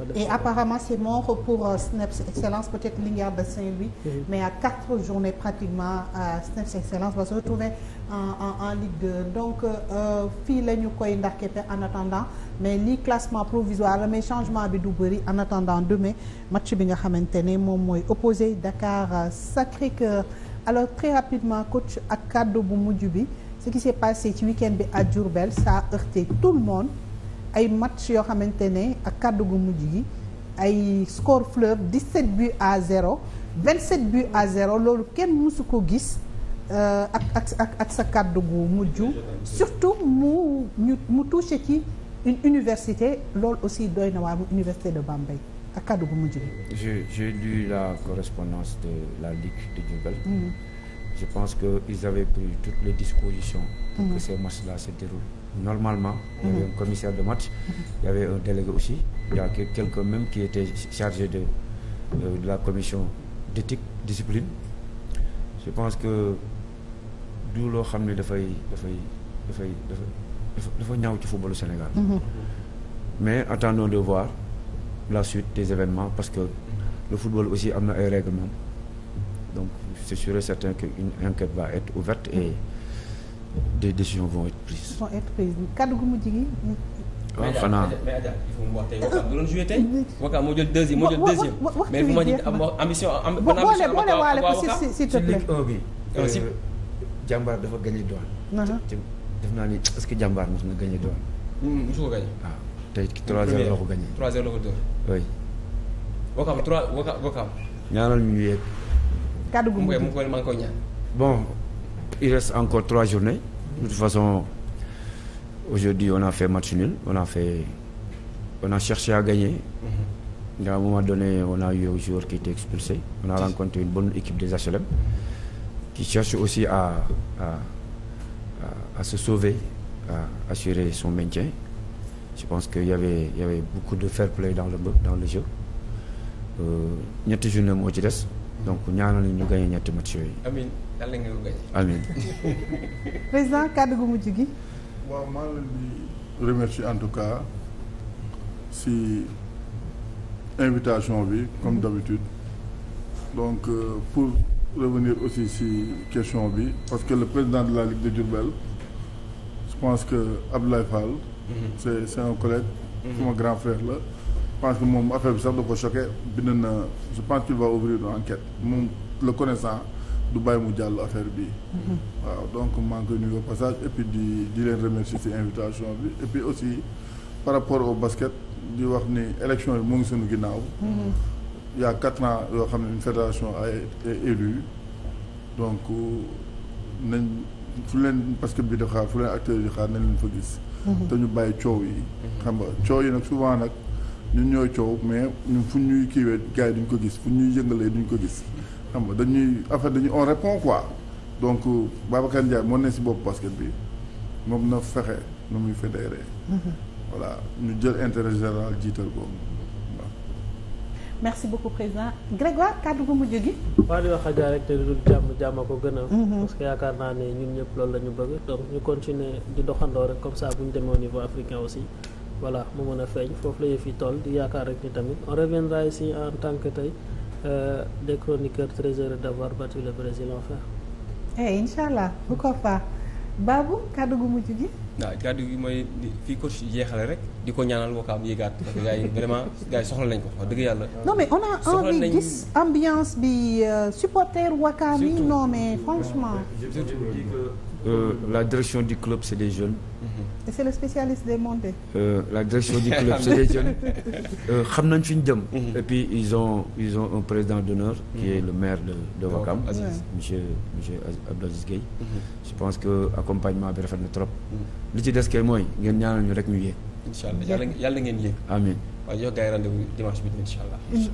fa Linguère de Saint-Louis. Mm -hmm. mais à quatre journées pratiquement à SNEIPS Excellence va se retrouver en en en Ligue 2 donc euh, fii la ñu koy ndarkepe en attendant mais li classement provisoire la mais changement bi du bëri en attendant demain match bi nga xamante ne moom mooy opposé Dakar Sacré-Cœur alors très rapidement coach ak kàddu bu mujj bi ce qui s'est passé ci week bi à Diourbel ça a heurté tout le moom ay match yoo xamante ne ak kàddu gu mujj gi. ay score fleuve 17 buts à 0 27 buts à 0 loolu kenn mësu ko gis euh, ak ak ak ak sa kàddu gu mujj surtout mu ñu mu touché ci une université loolu aussi doy na waa mu université de Bambey ak kàddu gu mujj
je j'ai lu la correspondance de la Ligue de Diourbel. Mm-hmm. je pense que ils avaient pris toutes les dispositions. pour mm. que ces matchs là se déroulent normalement. il avait mm-hmm. un commissaire de match. il avait un délégué aussi. il y a quelqu'un même qui était chargé de, euh, de la commission d'éthique discipline je pense que du loo xam ne dafay dafay dafay dafa dafa ñaaw ci footballu Sénégal mm-hmm. mais attendons de voir la suite des événements parce que le football aussi am na ay règlement donc c'est sûr et certain qu'une enquête va être ouverte et des décisions vont être
prises.
waaw xanaa mais Adja mu wax tey Wakaam moo jël deuxième moo jël deuxième. mais bu ma ñu am ambition am. boo boole boole waale ko si si te plaît.
aussi euh, euh, jàmbaar dafa gagné doon. Uh-huh. naa ni est-ce jàmbaar mos na gagné doon.
Mm, mosu ko gagné. waaw
tey 3-0 ko gagné. 3-0 ko dóor. oui.
Wakaam 3 Wakaam Wakaam. ñaanal mu koy mu koy
bon il reste encore 3 journées de toute façon. aujourd'hui on a fait match nul on a fait on a cherché à gagner. mais mhm. à un moment donné on a eu un joueur qui était on a rencontré une bonne équipe des HLM qui cherche aussi à à à, à se sauver à assurer son maintien je pense que y avait y avait beaucoup de fair play dans le dans le jeu euh, ñetti journée moo ci des. donc ñaanal ñu gagné ñetti match yooyu.
amiin
président kàddu gu mujj gi.
waaw maa leen di remercier en tout cas si invitation bi comme d'habitude donc euh, pour revenir aussi si question bi parce que le président de la Ligue de Diourbel je pense que Abdoulaye Fall mhm. c'est c'est un collègue mhm. suma grand frère la je pense que moom affaire bi sax da ko choqué bind na je pense qu'il va ouvrir une enquête moom le connaissant du bàyyi mu jàll affaire bi waaw donc maa ngi koy nuyu au passage et di di leen remercier ci invitation bi et aussi par rapport au basket di wax ni élection yi mu ngi seen ginnaaw. il y a quatre ans yoo xam ne une fédération a est donc nañ fu leen parce que bi di xaar fu leen acteurs yi xaar na leen fa gis. Mhm. te ñu bàyyi coow yi. Mhm. xam nga coow yi nag souvent nag ñun ñooy coow mais fu ñuy kiiwee gars yi duñ ko gis fu ñuy yëngalee duñ ko gis. xam nga dañuy affaire dañuy on répond quoi donc euh, Babacar Ndiaye moo ne si bopp basket bi moom na fexe nu muy fédéré. Mm-hmm. voilà ñu jël intérêt jiital ko
merci beaucoup président Grégoire kàddu gu mujj gi.
waaw di wax Adja rek te du jàmm jàmm ko gën a. Mm-hmm. parce yaakaar naa ne ñun ñëpp loolu la ñu bëgg. donc ñu continuer di doxandoo rek comme ça bu ñu demee au niveau africain aussi voilà mu mën a feeñ foofu la yëf yi toll di yaakaar rek ni tamit on reviendra ici en tant que euh, des chroniqueurs très heureux d'avoir battu le Brésil enfin.
eh incha allah bu ko faa Babou kàddu gu mujj gi.
waaw kàddu gi mooy fii coach jeexale rek di ko ñaanal wokkaam yéegaat parce que gars yi vraiment gars soxla nañ ko wax dëgg yàlla. non mais on a envie gis
ambiance bi euh, supporter wakaam yi non mais franchement.
Euh,
la direction du club, c'est des jeunes.
Et c'est le spécialiste des montées.
Euh, la direction du club, c'est des jeunes. Euh, xam nañ fi ñu jëm. Mhm. Et puis ils ont ils un président d'honneur qui mhm. est le maire de de Wakam, monsieur monsieur Abdelaziz Gueye. Mhm. Je pense que accompagnement bi rafet na trop. Li ci des kay mooy ngeen ñaanal rek ñu yéeg. Inch'Allah yàlla yàlla ngeen yéeg. Amiin.
waaw yow gars yi rendez dimanche bi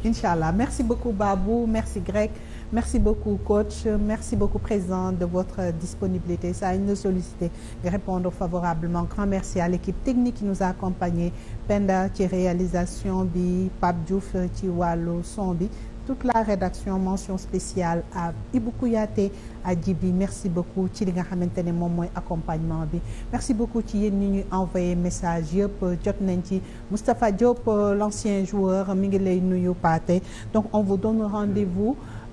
inch'Allah. merci beaucoup Babou merci Greg. merci beaucoup coach merci beaucoup président de votre disponibilité ça il nous sollicite de répondre favorablement grand merci à l'équipe technique qui nous a accompagnés Penda ci réalisation bi Pape Diouf ci wàllu son bi toute la rédaction mention spéciale à Ibou Kouyaté à Djibi merci beaucoup ci li nga xamante ne moom mooy accompagnement bi merci beaucoup ci yéen ni ñuy envoyé message yëpp jot nañ ci Moustapha Diop l'ancien joueur mi ngi lay nuyu paate donc on vous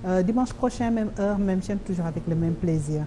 Euh, dimanche prochain, même heure, même chaîne, toujours avec le même plaisir.